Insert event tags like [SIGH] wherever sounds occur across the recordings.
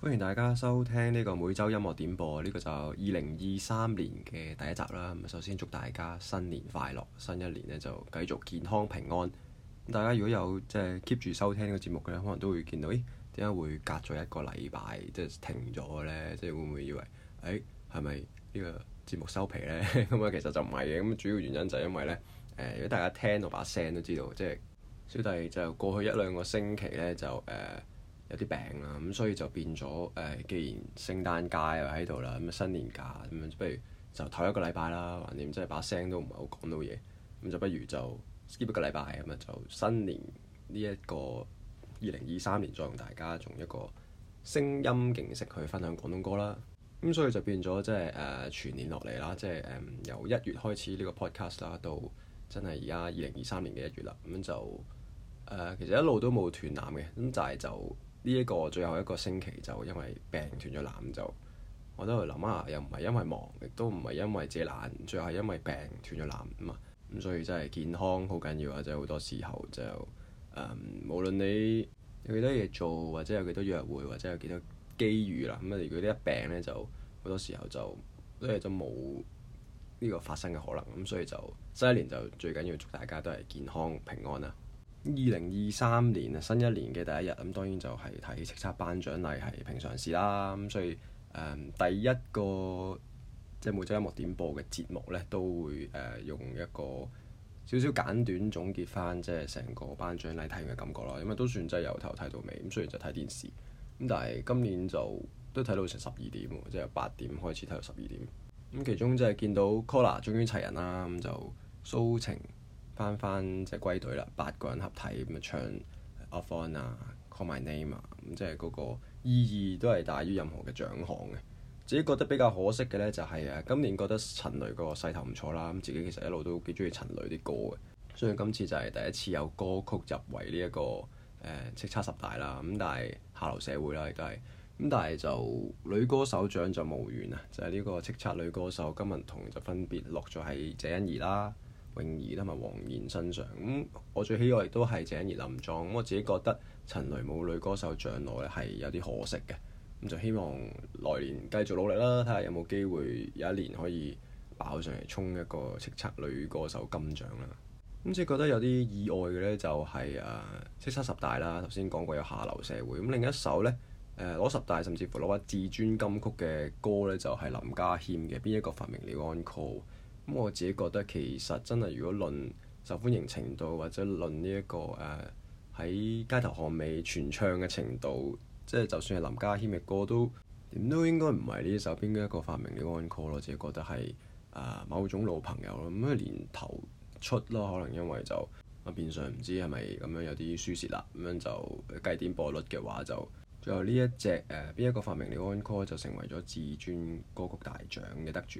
歡迎大家收聽呢個每周音樂點播，呢個就二零二三年嘅第一集啦。咁首先祝大家新年快樂，新一年咧就繼續健康平安。大家如果有即係 keep 住收聽呢個節目嘅咧，可能都會見到，咦，點解會隔咗一個禮拜即係停咗咧？即係會唔會以為誒係咪呢個節目收皮咧？咁啊，其實就唔係嘅。咁主要原因就係因為咧，誒、呃，如果大家聽到把聲都知道，即係小弟就過去一兩個星期咧就誒。呃有啲病啦，咁所以就變咗誒，既然聖誕假又喺度啦，咁啊新年假咁樣，不如就唞一個禮拜啦，橫掂即係把聲都唔係好講到嘢，咁就不如就 skip 一個禮拜咁啊，就新年呢一個二零二三年再同大家用一個聲音形式去分享廣東歌啦。咁所以就變咗即係誒全年落嚟啦，即係誒、呃、由一月開始呢個 podcast 啦，到真係而家二零二三年嘅一月啦，咁就誒、呃、其實一路都冇斷纜嘅，咁就係就～呢一、這個最後一個星期就因為病斷咗纜，就我都喺度諗下，又唔係因為忙，亦都唔係因為自己懶，最後係因為病斷咗纜啊嘛，咁所以真係健康好緊要啊！真係好多時候就誒、嗯，無論你有幾多嘢做，或者有幾多約會，或者有幾多機遇啦，咁啊，如果呢一病呢，就好多時候就因為都冇呢個發生嘅可能，咁所以就新一年就最緊要祝大家都係健康平安啦～二零二三年新一年嘅第一日，咁當然就係睇叱咤頒獎禮係平常事啦。咁所以誒、嗯，第一個即係、就是、每周音樂點播嘅節目呢，都會誒、呃、用一個少少簡短總結翻，即係成個頒獎禮睇完嘅感覺啦。因為都算真係由頭睇到尾，咁雖然就睇電視，咁但係今年就都睇到成十二點喎，即係由八點開始睇到十二點。咁其中即係見到 COLLAR 終於齊人啦，咁就 So Ching。翻翻即係歸隊啦，八個人合體咁啊，唱《Offline》啊、，《Call My Name》啊，咁即係嗰個意義都係大於任何嘅獎項嘅。自己覺得比較可惜嘅呢，就係、是、啊，今年覺得陳蕾個勢頭唔錯啦，咁自己其實一路都幾中意陳蕾啲歌嘅。雖然今次就係第一次有歌曲入圍呢、這、一個誒叱咤十大啦，咁但係下流社會啦亦都係，咁但係就女歌手獎就無緣啊，就係、是、呢個叱咤女歌手金銀銅就分別落咗喺謝欣怡啦。泳兒同埋黃妍身上，咁我最喜愛亦都係鄭欣宜、林莊，咁我自己覺得陳蕾冇女歌手獎攞咧係有啲可惜嘅，咁就希望來年繼續努力啦，睇下有冇機會有一年可以爆上嚟衝一個叱咤女歌手金獎啦。咁即係覺得有啲意外嘅呢、就是，就係誒叱咤十大啦，頭先講過有下流社會，咁另一首呢，誒、呃、攞十大甚至乎攞咗至尊金曲嘅歌呢，就係、是、林家謙嘅邊一個發明了安撫。咁我自己覺得其實真係，如果論受歡迎程度，或者論呢一個誒喺、呃、街頭巷尾傳唱嘅程度，即係就算係林家謙嘅歌，都點都應該唔係呢首邊一個發明嘅安可咯。我自己覺得係、呃、某種老朋友咯，咁、嗯、一年頭出咯，可能因為就啊，面、嗯、上唔知係咪咁樣有啲輸蝕啦，咁樣就計點播率嘅話就最後呢一隻誒邊一個發明嘅安可就成為咗至尊歌曲大獎嘅得主。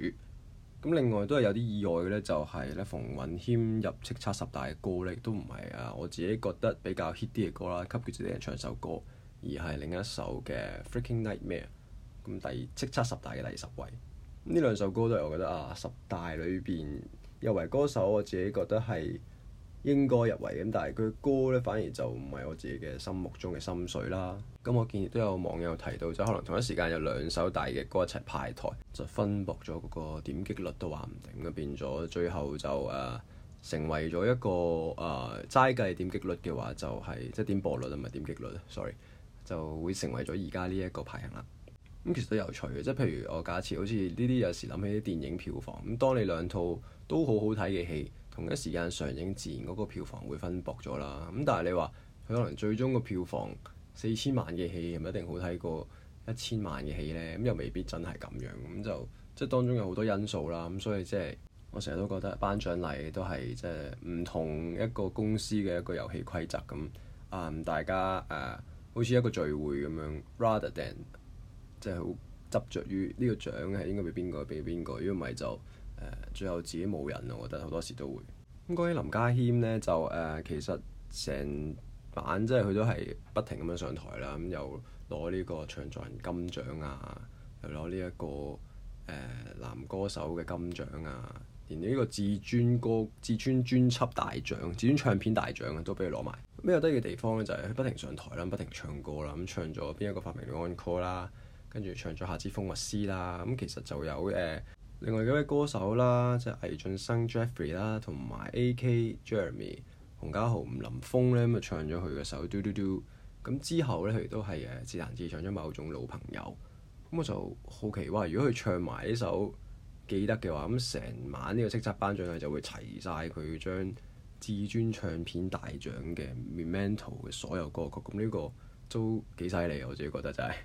咁另外都係有啲意外嘅咧，就係咧馮允謙入叱咤十大嘅歌咧，都唔係啊，我自己覺得比較 hit 啲嘅歌啦，給佢自己人唱首歌，而係另一首嘅 Freaking Nightmare，咁第叱咤十大嘅第十位，呢兩首歌都係我覺得啊，十大裏邊又為歌手我自己覺得係。應該入圍嘅，咁但係佢歌咧反而就唔係我自己嘅心目中嘅心水啦。咁、嗯、我見都有網友提到，就可能同一時間有兩首大嘅歌一齊排台，就分薄咗嗰個點擊率都話唔定咁，變咗最後就誒、呃、成為咗一個誒齋、呃、計點擊率嘅話、就係，就係即係點播率啊唔係點擊率，sorry，就會成為咗而家呢一個排行啦。咁、嗯、其實都有趣嘅，即係譬如我假設好似呢啲有時諗起啲電影票房，咁當你兩套都好好睇嘅戲。同一時間上映自然嗰個票房會分薄咗啦，咁但係你話佢可能最終個票房四千萬嘅戲係咪一定好睇過一千萬嘅戲呢？咁又未必真係咁樣，咁就即係當中有好多因素啦，咁所以即係我成日都覺得頒獎禮都係即係唔同一個公司嘅一個遊戲規則咁，啊、嗯、大家誒、呃、好似一個聚會咁樣，rather than 即係好執着於呢個獎係應該畀邊個畀邊個，如果唔係就。最後自己冇人，我覺得好多時都會咁講起林家謙呢，就誒、呃、其實成版即係佢都係不停咁樣上台啦，咁又攞呢個唱作人金獎啊，又攞呢一個誒、呃、男歌手嘅金獎啊，連呢個至尊歌至尊專輯大獎、至尊唱片大獎、啊、都俾佢攞埋。比較得意嘅地方咧，就係不停上台啦，不停唱歌啦，咁、嗯、唱咗邊一個發明嘅安歌啦，跟住唱咗夏之風物詩啦，咁其實就有誒。呃另外有位歌手啦，即係魏俊生 Jeffrey 啦，同埋 AKJeremy、洪家豪、吳林峰咧，咪唱咗佢嘅首《嘟嘟嘟》。咁之後咧，佢都係誒自彈自嘆唱咗某種老朋友。咁我就好奇，哇！如果佢唱埋呢首《記得》嘅話，咁成晚呢個叱咤頒獎，佢就會齊晒佢將至尊唱片大獎嘅《Memento》嘅所有歌曲。咁呢個都幾犀利，我自己覺得真、就、係、是。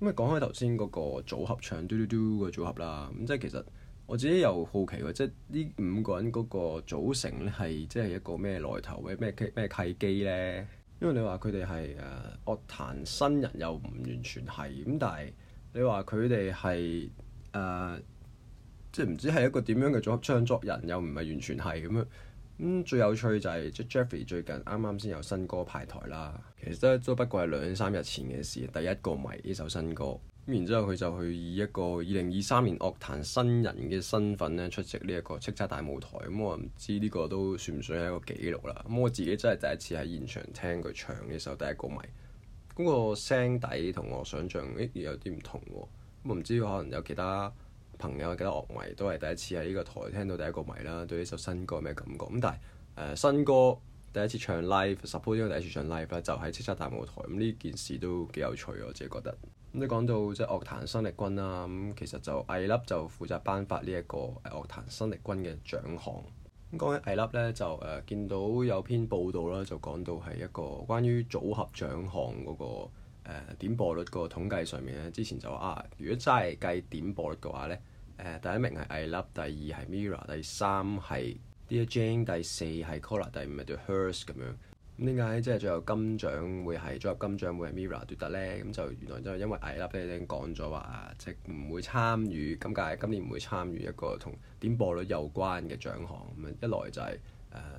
咁啊，講開頭先嗰個組合唱嘟嘟嘟個組合啦，咁即係其實我自己又好奇喎，即係呢五個人嗰個組成咧係即係一個咩來頭？咩咩咩契機咧？因為你話佢哋係誒樂壇新人又唔完全係，咁但係你話佢哋係誒即係唔知係一個點樣嘅組合唱作人又唔係完全係咁樣。嗯。最有趣就係 Jeffrey 最近啱啱先有新歌排台啦，其實都不過係兩三日前嘅事。第一個迷呢首新歌，咁然之後佢就去以一個二零二三年樂壇新人嘅身份咧出席呢一個叱咤大舞台。咁、嗯、我唔知呢個都算唔算係一個紀錄啦。咁、嗯、我自己真係第一次喺現場聽佢唱呢首第一個迷，嗰個聲底同我想象亦有啲唔同喎、啊。咁我唔知可能有其他朋友記得樂迷都係第一次喺呢個台聽到第一個迷啦，對呢首新歌咩感覺？咁但係誒、呃、新歌第一次唱 live，s u push 都係第一次唱 live 啦，就喺叱咤大舞台。咁、嗯、呢件事都幾有趣，我自己覺得。咁你講到即係樂壇生力軍啦、啊，咁、嗯、其實就艾粒就負責頒發呢、這、一個樂壇生力軍嘅獎項。咁講起艾粒咧，就誒、呃、見到有篇報道啦，就講到係一個關於組合獎項嗰、那個誒、呃、點播率個統計上面咧，之前就話啊，如果真係計點播率嘅話咧。誒第一名係艾粒，第二係 MIRROR，第三係 Dear Jane，第四係 COLLAR，第五係 The Hertz 咁樣。咁點解即係最後金獎會係最後金獎會係 MIRROR 奪得呢？咁就原來就係因為艾粒咧，已經講咗話即係唔會參與今屆，今年唔會參與一個同點播率有關嘅獎項。咁一來就係、是。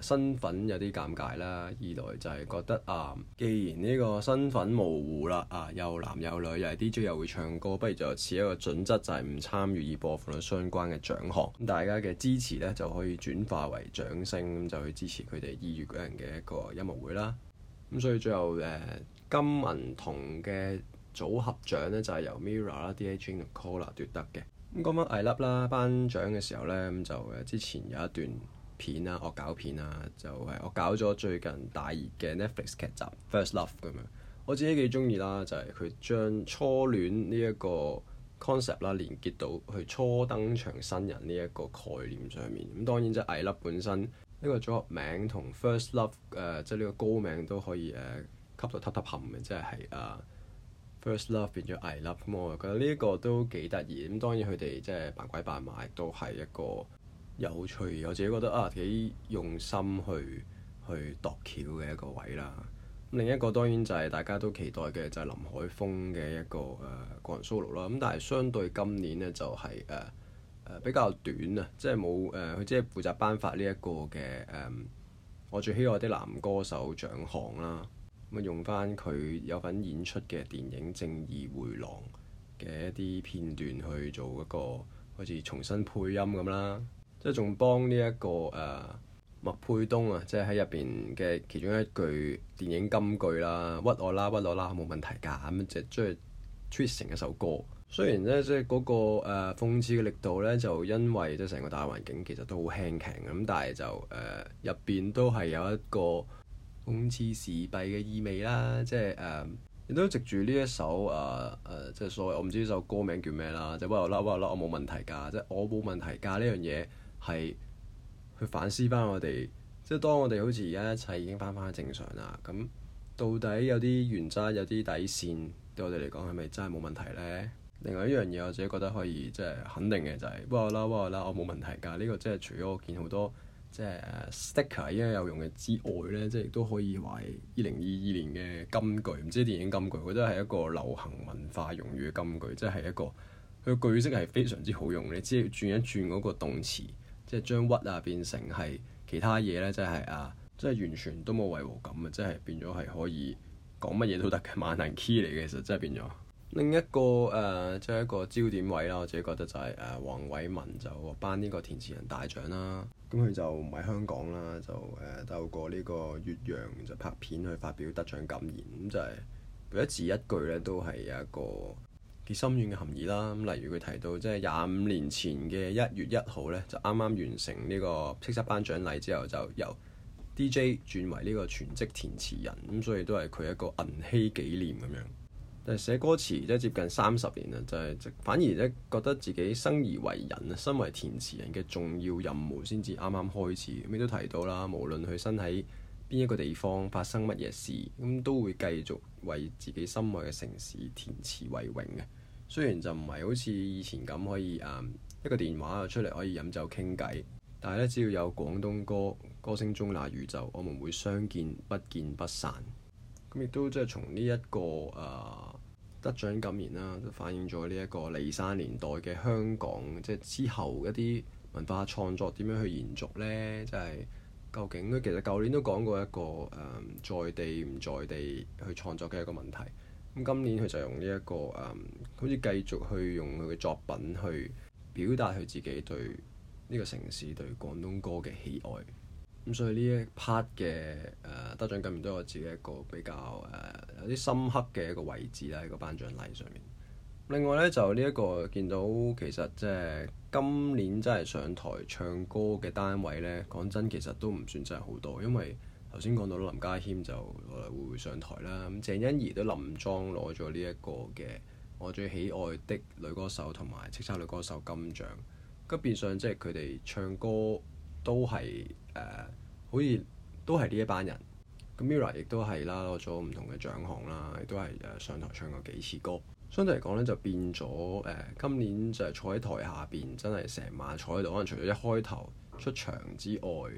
身份有啲尷尬啦，二來就係覺得啊，既然呢個身份模糊啦，啊又男又女，又係 D J 又會唱歌，不如就設一個準則，就係、是、唔參與而播放咗相關嘅獎項，咁大家嘅支持呢，就可以轉化為掌聲，咁就去支持佢哋二月嗰日嘅一個音樂會啦。咁所以最後金銀銅嘅組合獎呢，就係、是、由 MIRROR 啦、Dear Jane 同 COLLAR 奪得嘅。咁講返 I Love 啦，頒獎嘅時候呢，就之前有一段片啦、啊，惡搞片啦、啊，就係、是、我搞咗最近大熱嘅 Netflix 劇集《First Love》咁樣，我自己幾中意啦，就係佢將初戀呢一個 concept 啦，連結到佢初登場新人呢一個概念上面。咁、嗯、當然即係蟻粒本身呢、這個組合名同 First Love 誒、呃，即係呢個歌名都可以誒、呃、吸到塔塔含嘅，即係係誒 First Love 變咗蟻粒。咁我又覺得呢、嗯、一個都幾得意。咁當然佢哋即係扮鬼扮馬都係一個。有趣，我自己覺得啊幾用心去去度橋嘅一個位啦。另一個當然就係大家都期待嘅就係、是、林海峰嘅一個誒、呃、個人 solo 啦。咁但係相對今年呢，就係誒誒比較短啊，即係冇誒佢即係負責頒發呢一個嘅誒、呃、我最喜愛啲男歌手獎項啦。咁用翻佢有份演出嘅電影《正義回廊》嘅一啲片段去做一個好似重新配音咁啦。即係仲幫呢、這、一個誒、呃、麥佩東啊，即係喺入邊嘅其中一句電影金句啦，屈我啦，屈我啦，冇問題㗎咁，就、嗯、係將 twist 成一首歌。雖然咧即係嗰、那個誒、呃、諷刺嘅力度咧，就因為即係成個大環境其實都好輕強，咁、嗯，但係就誒入邊都係有一個諷刺時弊嘅意味啦。即係誒亦都藉住呢一首啊誒、呃呃，即係所謂我唔知呢首歌名叫咩啦，就屈我啦，屈我啦，屈我啦，我冇問題㗎，即係我冇問題㗎呢樣嘢。係去反思翻我哋，即係當我哋好似而家一切已經翻返正常啦。咁到底有啲原則、有啲底線，對我哋嚟講係咪真係冇問題咧？另外一樣嘢，我自己覺得可以即係肯定嘅就係、是、哇啦哇啦，我冇問題㗎。呢、呢個即係除咗我見好多即係、啊、sticker，因為有用嘅之外咧，即係亦都可以話二零二二年嘅金句，唔知電影金句，我覺得係一個流行文化用語嘅金句，即、就、係、是、一個佢句式係非常之好用。你只要轉一轉嗰個動詞。即係將屈啊變成係其他嘢咧，即係啊，即係完全都冇違和感啊！即係變咗係可以講乜嘢都得嘅萬能 key 嚟嘅，其實真係變咗。另一個誒、呃，即係一個焦點位啦，我自己覺得就係誒黃偉文就獲頒呢個填詞人大獎啦。咁佢就唔喺香港啦，就誒透、呃、過呢個越洋就拍片去發表得獎感言，咁就係、是、佢一字一句咧都係一個。心願嘅含義啦，咁例如佢提到，即係廿五年前嘅一月一號呢，就啱啱完成呢個叱咤頒獎禮之後，就由 DJ 轉為呢個全職填詞人，咁所以都係佢一個銀禧紀念咁樣。但係寫歌詞即接近三十年啦，就係反而咧覺得自己生而為人，身為填詞人嘅重要任務先至啱啱開始。咁亦都提到啦，無論佢身喺邊一個地方發生乜嘢事，咁都會繼續為自己心愛嘅城市填詞為榮嘅。雖然就唔係好似以前咁可以誒、嗯、一個電話出嚟可以飲酒傾偈，但係咧，只要有廣東歌歌聲中那宇宙，我們會相見不見不散。咁、嗯、亦都即係從呢、這、一個誒「得獎感言」啦、啊，都反映咗呢一個離散年代嘅香港，即、就、係、是、之後一啲文化創作點樣去延續呢？即、就、係、是、究竟其實舊年都講過一個、嗯、在地唔在地去創作嘅一個問題。咁今年佢就用呢、這、一個誒、嗯，好似繼續去用佢嘅作品去表達佢自己對呢個城市、對廣東歌嘅喜愛。咁所以呢一 part 嘅誒得獎，近年都有自己一個比較誒、呃、有啲深刻嘅一個位置啦，喺個頒獎禮上面。另外呢就呢、這、一個見到其實即係今年真係上台唱歌嘅單位呢，講真其實都唔算真係好多，因為。頭先講到林家謙就來來回回上台啦。咁鄭欣宜都連莊攞咗呢一個嘅我最喜愛的女歌手同埋叱咤女歌手金獎。咁變相即係佢哋唱歌都係誒、呃，好似都係呢一班人。咁 MIRROR 亦都係啦，攞咗唔同嘅獎項啦，亦都係誒上台唱過幾次歌。相對嚟講咧，就變咗誒、呃、今年就坐喺台下邊，真係成晚坐喺度，可能除咗一開頭出場之外。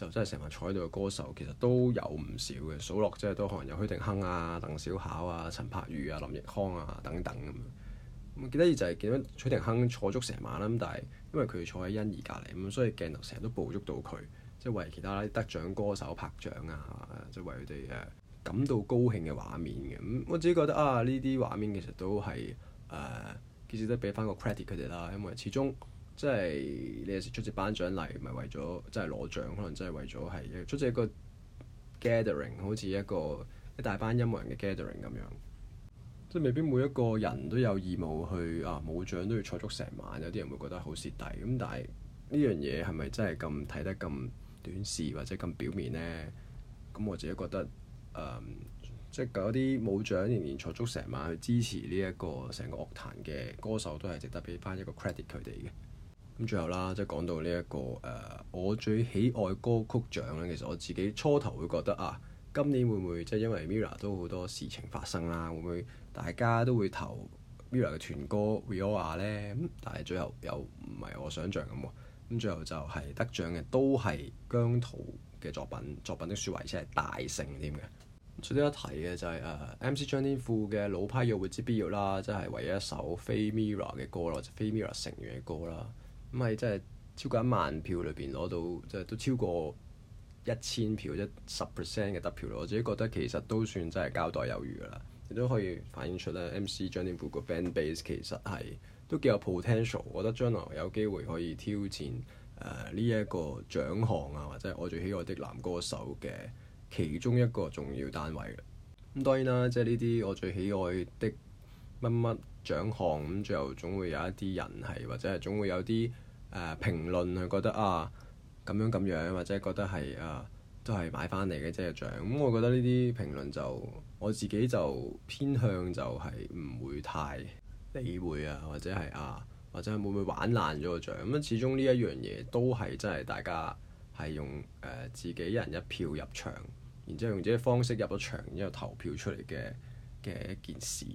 就真係成日坐喺度嘅歌手，其實都有唔少嘅數落，即係都可能有許廷鏗啊、鄧小巧啊、陳柏宇啊、林奕匡啊等等咁。咁幾得意就係見到許廷鏗坐足成晚啦，咁但係因為佢坐喺欣宜隔離，咁所以鏡頭成日都捕捉到佢，即係為其他得獎歌手拍掌啊，即係為佢哋誒感到高興嘅畫面嘅。咁我自己覺得啊，呢啲畫面其實都係誒幾值得俾翻個 credit 佢哋啦，因為始終。即係你有時出席頒獎禮，咪為咗即係攞獎，可能真係為咗係出席一個 gathering，好似一個一大班音樂人嘅 gathering 咁樣。即係未必每一個人都有義務去啊，冇獎都要坐足成晚，有啲人會覺得好蝕底。咁、嗯、但係呢樣嘢係咪真係咁睇得咁短視或者咁表面呢？咁我自己覺得誒、嗯，即係嗰啲冇獎年年坐足成晚去支持呢一個成個樂壇嘅歌手，都係值得俾翻一個 credit 佢哋嘅。咁最後啦，即係講到呢、這、一個誒、呃，我最喜愛歌曲獎咧。其實我自己初頭會覺得啊，今年會唔會即係因為 MIRROR 都好多事情發生啦，會唔會大家都會投 MIRROR 嘅團歌呢《Warrior 咧？咁但係最後又唔係我想象咁喎。咁最後就係得獎嘅都係姜濤嘅作品，作品的說話且係大勝添嘅。值得一提嘅就係、是、誒、呃、M.C. 張天賦嘅老派約會之必要啦，即係唯一一首非 MIRROR 嘅歌啦，就非 MIRROR 成員嘅歌啦。咁係真係超過一萬票裏邊攞到，即係都超過一千票，一十 percent 嘅得票咯。我自己覺得其實都算真係交代有餘啦。亦都可以反映出咧 [NOISE] ，MC 張天賦個 band base 其實係都幾有 potential。我覺得將來有機會可以挑戰誒呢一個獎項啊，或者係我最喜愛的男歌手嘅其中一個重要單位。咁當然啦，即係呢啲我最喜愛的乜乜。獎項咁，最後總會有一啲人係，或者係總會有啲誒、呃、評論，佢覺得啊，咁樣咁樣，或者覺得係啊，都係買翻嚟嘅即係獎。咁我覺得呢啲評論就，我自己就偏向就係唔會太理會啊，或者係啊，或者係會唔會玩爛咗個獎？咁始終呢一樣嘢都係真係大家係用誒、呃、自己一人一票入場，然之後用自己方式入咗場，然之後投票出嚟嘅嘅一件事。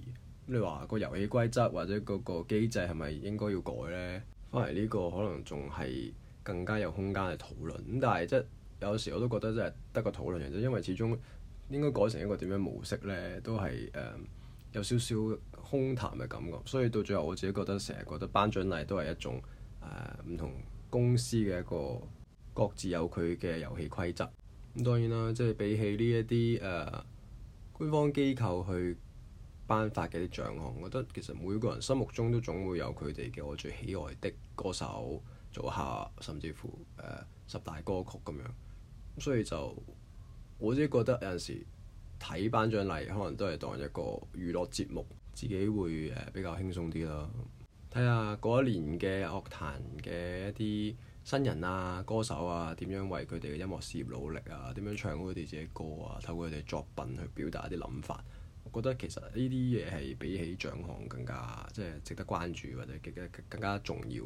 你話個遊戲規則或者嗰個機制係咪應該要改呢？翻嚟呢個可能仲係更加有空間嚟討論。咁但係即係有時我都覺得即係得個討論嘅啫，因為始終應該改成一個點樣模式呢？都係誒、呃、有少少空談嘅感覺。所以到最後我自己覺得成日覺得頒獎禮都係一種誒唔、呃、同公司嘅一個各自有佢嘅遊戲規則。咁當然啦，即係比起呢一啲誒官方機構去。頒發嘅啲獎項，我覺得其實每個人心目中都總會有佢哋嘅我最喜愛的歌手、組合，甚至乎誒、呃、十大歌曲咁樣。所以就我自己覺得有陣時睇頒獎禮，可能都係當一個娛樂節目，自己會誒、呃、比較輕鬆啲咯。睇下嗰一年嘅樂壇嘅一啲新人啊、歌手啊，點樣為佢哋嘅音樂事業努力啊，點樣唱好佢哋自己歌啊，透過佢哋作品去表達一啲諗法。我覺得其實呢啲嘢係比起獎項更加即係值得關注或者更加重要。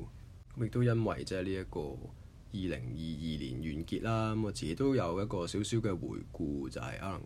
咁亦都因為即係呢一個二零二二年完結啦，咁我自己都有一個少少嘅回顧，就係可能誒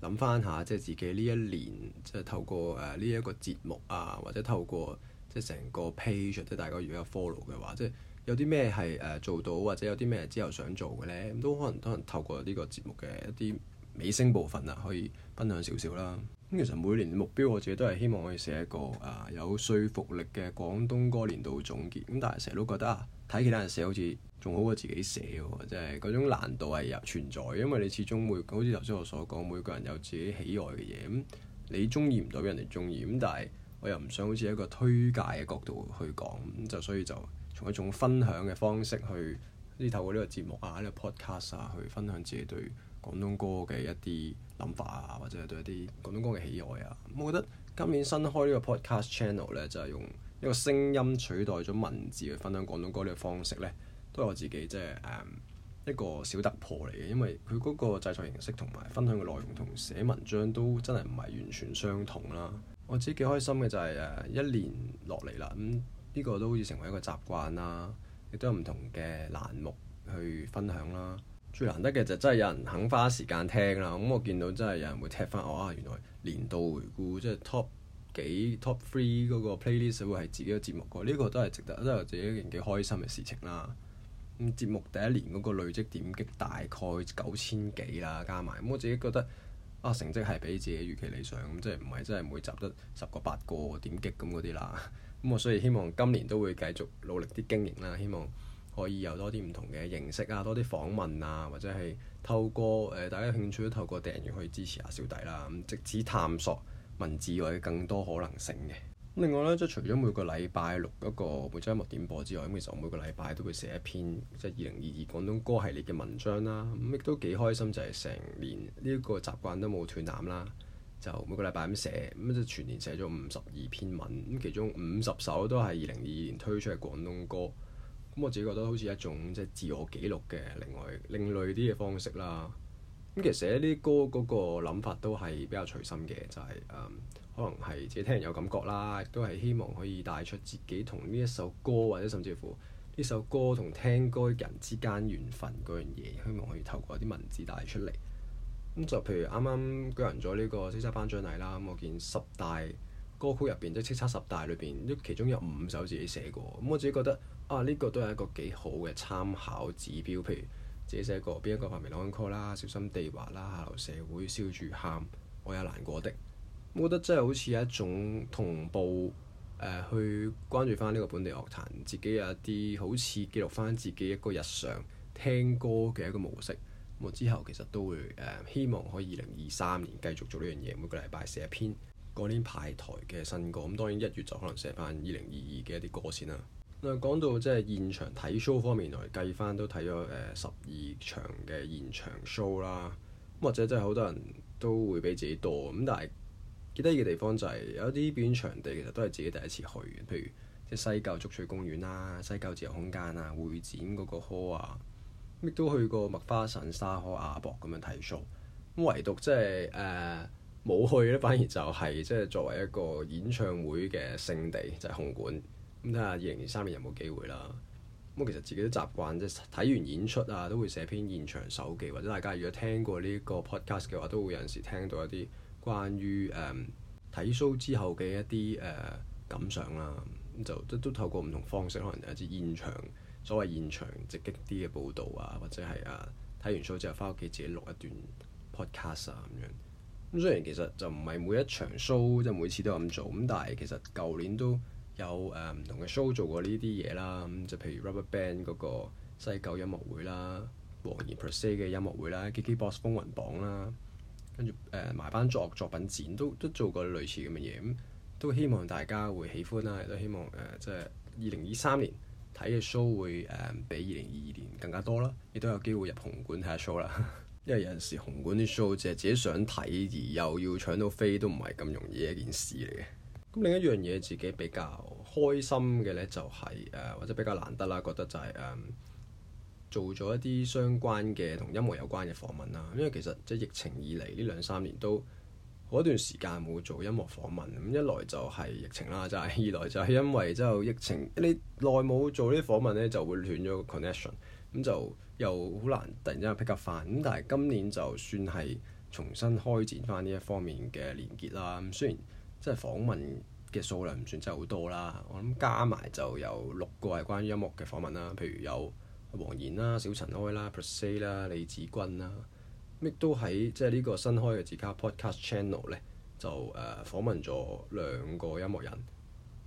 諗翻下即係自己呢一年即係透過誒呢一個節目啊，或者透過即係成個 page，即係大家如果有 follow 嘅話，即係有啲咩係誒做到，或者有啲咩之後想做嘅呢，都可能都係透過呢個節目嘅一啲。尾聲部分啊，可以分享少少啦。咁其實每年目標我自己都係希望可以寫一個啊有說服力嘅廣東歌年度總結。咁但係成日都覺得啊，睇其他人寫好似仲好過自己寫喎，即係嗰種難度係有存在。因為你始終會，好似頭先我所講，每個人有自己喜愛嘅嘢，咁你中意唔代表人哋中意。咁但係我又唔想好似一個推介嘅角度去講，咁就所以就從一種分享嘅方式去，即透過呢個節目啊、呢、這個 podcast 啊去分享自己對。廣東歌嘅一啲諗法啊，或者對一啲廣東歌嘅喜愛啊，我覺得今年新開呢個 podcast channel 咧，就係用一個聲音取代咗文字去分享廣東歌呢個方式呢，都係我自己即係一個小突破嚟嘅，因為佢嗰個製作形式同埋分享嘅內容同寫文章都真係唔係完全相同啦。我自己幾開心嘅就係誒一年落嚟啦，咁呢個都好似成為一個習慣啦，亦都有唔同嘅欄目去分享啦。最難得嘅就真係有人肯花時間聽啦，咁我見到真係有人會踢翻我、哦、啊，原來年度回顧即係、就是、top 幾、top three 嗰個 playlist 會係自己嘅節目呢、呢個都係值得，都、啊、係自己一件幾開心嘅事情啦。咁節目第一年嗰個累積點擊大概九千幾啦，加埋咁我自己覺得啊成績係比自己預期理想，咁即係唔係真係每集得十個八個點擊咁嗰啲啦。咁我所以希望今年都會繼續努力啲經營啦，希望。可以有多啲唔同嘅形式啊，多啲訪問啊，或者係透過誒、呃、大家興趣都透過訂閱去支持阿小弟啦。咁，直至探索文字或者更多可能性嘅。另外咧，即係除咗每個禮拜錄一個每周音樂點播之外，咁其實我每個禮拜都會寫一篇即係二零二二廣東歌系列嘅文章啦。咁亦都幾開心，就係、是、成年呢一、這個習慣都冇斷纜啦。就每個禮拜咁寫，咁就全年寫咗五十二篇文，咁其中五十首都係二零二二年推出嘅廣東歌。咁、嗯、我自己覺得好似一種即係自我記錄嘅另外另類啲嘅方式啦。咁、嗯、其實寫呢歌嗰個諗法都係比較隨心嘅，就係、是嗯、可能係自己聽人有感覺啦，亦都係希望可以帶出自己同呢一首歌或者甚至乎呢首歌同聽歌人之間緣分嗰樣嘢，希望可以透過啲文字帶出嚟。咁、嗯、就譬如啱啱舉行咗呢個叱咤頒獎禮啦、嗯，我見十大歌曲入邊即係叱咤十大裏邊，其中有五首自己寫過。咁、嗯、我自己覺得。啊！呢、這個都係一個幾好嘅參考指標，譬如自己寫過邊 [NOISE] 一個《貧民兩岸 call》啦，小心地滑啦，下流社會笑住喊，我有難過的。我覺得真係好似一種同步、呃、去關注翻呢個本地樂壇，自己有一啲好似記錄翻自己一個日常聽歌嘅一個模式。我之後其實都會誒、呃，希望可以二零二三年繼續做呢樣嘢，每個禮拜寫一篇嗰年派台嘅新歌。咁當然一月就可能寫翻二零二二嘅一啲歌先啦。嗱，講到即係現場睇 show 方面來計返，都睇咗誒十二場嘅現場 show 啦。或者即係好多人都會比自己多咁，但係記得嘅地方就係有啲表演場地其實都係自己第一次去，譬如即係西九竹水公園啦、西九自由空間啊、會展嗰個 hall 啊，亦都去過麥花臣沙河亞博咁樣睇 show。唯獨即係誒冇去咧，反而就係、是、即係作為一個演唱會嘅聖地，就係、是、紅館。咁睇下二零二三年有冇機會啦。咁其實自己都習慣即係睇完演出啊，都會寫篇現場手記，或者大家如果聽過呢個 podcast 嘅話，都會有陣時聽到一啲關於誒睇、嗯、show 之後嘅一啲誒、呃、感想啦、啊。咁就都都透過唔同方式，可能有一啲現場，所謂現場直擊啲嘅報導啊，或者係啊睇完 show 之後翻屋企自己錄一段 podcast 啊咁樣。咁雖然其實就唔係每一場 show 即係每次都咁做，咁但係其實舊年都有誒唔、呃、同嘅 show 做過呢啲嘢啦，咁、嗯、就譬如 Rubberband 嗰個西九音樂會啦，黃妍 Persie 嘅音樂會啦，KKBox 風雲榜啦，跟住誒埋班作作品展都都做過類似咁嘅嘢，咁、嗯、都希望大家會喜歡啦，亦都希望誒即係二零二三年睇嘅 show 會誒、呃、比二零二二年更加多啦，亦都有機會入紅館睇下 show 啦， [LAUGHS] 因為有陣時紅館啲 show 淨係自己想睇而又要搶到飛都唔係咁容易嘅一件事嚟嘅。咁另一樣嘢自己比較開心嘅呢、就係，就係誒或者比較難得啦，覺得就係、係、誒、嗯、做咗一啲相關嘅同音樂有關嘅訪問啦。因為其實即疫情以嚟呢兩三年都好一段時間冇做音樂訪問。咁一來就係疫情啦，就係、係、二來就係因為之後疫情你耐冇做呢啲訪問呢，就會斷咗個 connection，咁就又好難突然之間 pick up 翻。咁但係今年就算係重新開展翻呢一方面嘅連結啦。咁雖然～即係訪問嘅數量唔算真係好多啦。我諗加埋就有六個係關於音樂嘅訪問啦。譬如有黃妍啦、小塵埃啦、Percy 啦、李子君啦。亦都喺即係呢個新開嘅自家 podcast channel 咧，就誒、呃、訪問咗兩個音樂人，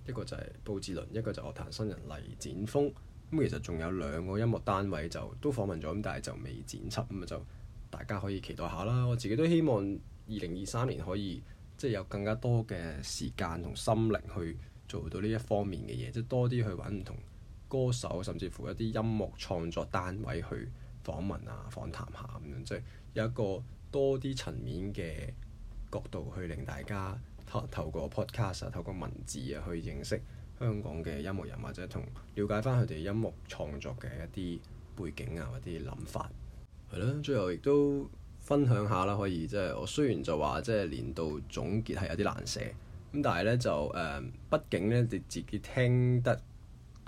一個就係布志倫，一個就樂壇新人黎展峰。咁、嗯、其實仲有兩個音樂單位就都訪問咗，咁但係就未剪輯，咁就大家可以期待下啦。我自己都希望二零二三年可以。即係有更加多嘅時間同心靈去做到呢一方面嘅嘢，即係多啲去揾唔同歌手，甚至乎一啲音樂創作單位去訪問啊、訪談下咁樣，即係有一個多啲層面嘅角度去令大家透透過 Podcast 啊、透過文字啊去認識香港嘅音樂人或者同了解翻佢哋音樂創作嘅一啲背景啊或啲諗法。係咯，最後亦都。分享下啦，可以即係、就是、我雖然就話即係年度總結係有啲難寫，咁但係咧就誒、嗯，畢竟咧你自己聽得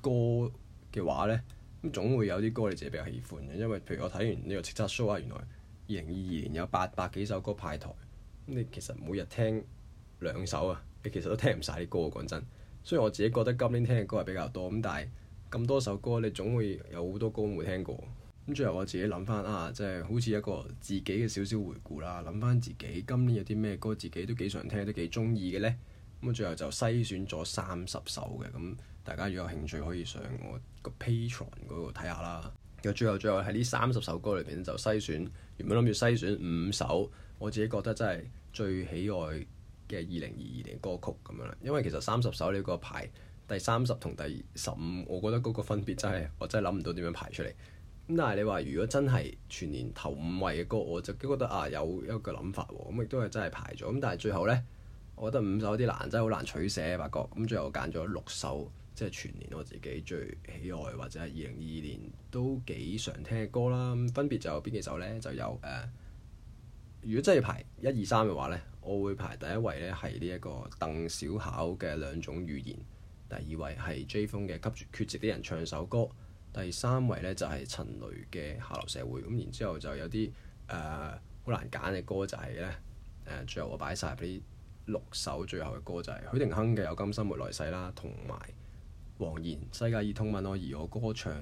歌嘅話咧，咁總會有啲歌你自己比較喜歡嘅。因為譬如我睇完呢個叱咤 show 啊，原來二零二二年有八百幾首歌派台，咁你其實每日聽兩首啊，你其實都聽唔晒啲歌啊講真。雖然我自己覺得今年聽嘅歌係比較多，咁但係咁多首歌，你總會有好多歌冇聽過。咁最後我自己諗翻啊，即係好似一個自己嘅少少回顧啦。諗翻自己今年有啲咩歌，自己都幾常聽，都幾中意嘅呢？咁最後就篩選咗三十首嘅。咁大家如果有興趣，可以上我個 Patreon 嗰度睇下啦。咁最後最後喺呢三十首歌裏邊，就篩選原本諗住篩選五首，我自己覺得真係最喜愛嘅二零二二年歌曲咁樣啦。因為其實三十首呢個排第三十同第十五，我覺得嗰個分別真係我真係諗唔到點樣排出嚟。但係你話如果真係全年頭五位嘅歌，我就覺得啊有一個諗法喎、哦，咁亦都係真係排咗。咁但係最後呢，我覺得五首有啲難，真係好難取捨八，發覺。咁最後我揀咗六首，即係全年我自己最喜愛或者係二零二二年都幾常聽嘅歌啦。分別就有邊幾首呢？就有誒、呃。如果真係排一二三嘅話呢，我會排第一位呢，係呢一個鄧小巧嘅兩種語言，第二位係 J 風嘅給住缺席啲人唱首歌。第三位呢，就係、是、陳雷嘅下流社會，咁然之後就有啲誒好難揀嘅歌仔、就是、呢。咧、呃、最後我擺晒呢六首最後嘅歌仔：係許廷鏗嘅《亨有今生沒來世》啦，同埋黃然《世界已通文我而我歌唱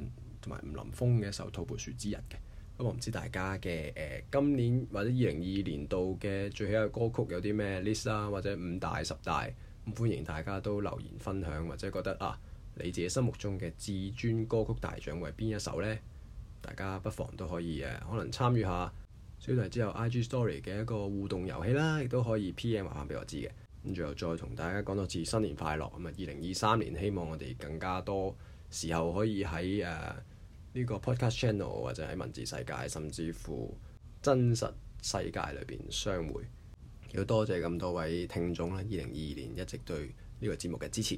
同埋吳林峰嘅《一首《桃皮樹之日》嘅。咁我唔知大家嘅誒、呃、今年或者二零二年度嘅最喜嘅歌曲有啲咩 list 啦，或者五大十大咁、嗯，歡迎大家都留言分享或者覺得啊～你自己心目中嘅至尊歌曲大獎為邊一首呢？大家不妨都可以誒、啊，可能參與下小弟之後 IG Story 嘅一個互動遊戲啦，亦都可以 PM 翻俾我知嘅。咁最後再同大家講多次新年快樂。咁、嗯、啊，二零二三年希望我哋更加多時候可以喺誒呢個 Podcast Channel 或者喺文字世界，甚至乎真實世界裏邊相會。要多謝咁多位聽眾啦，二零二二年一直對呢個節目嘅支持。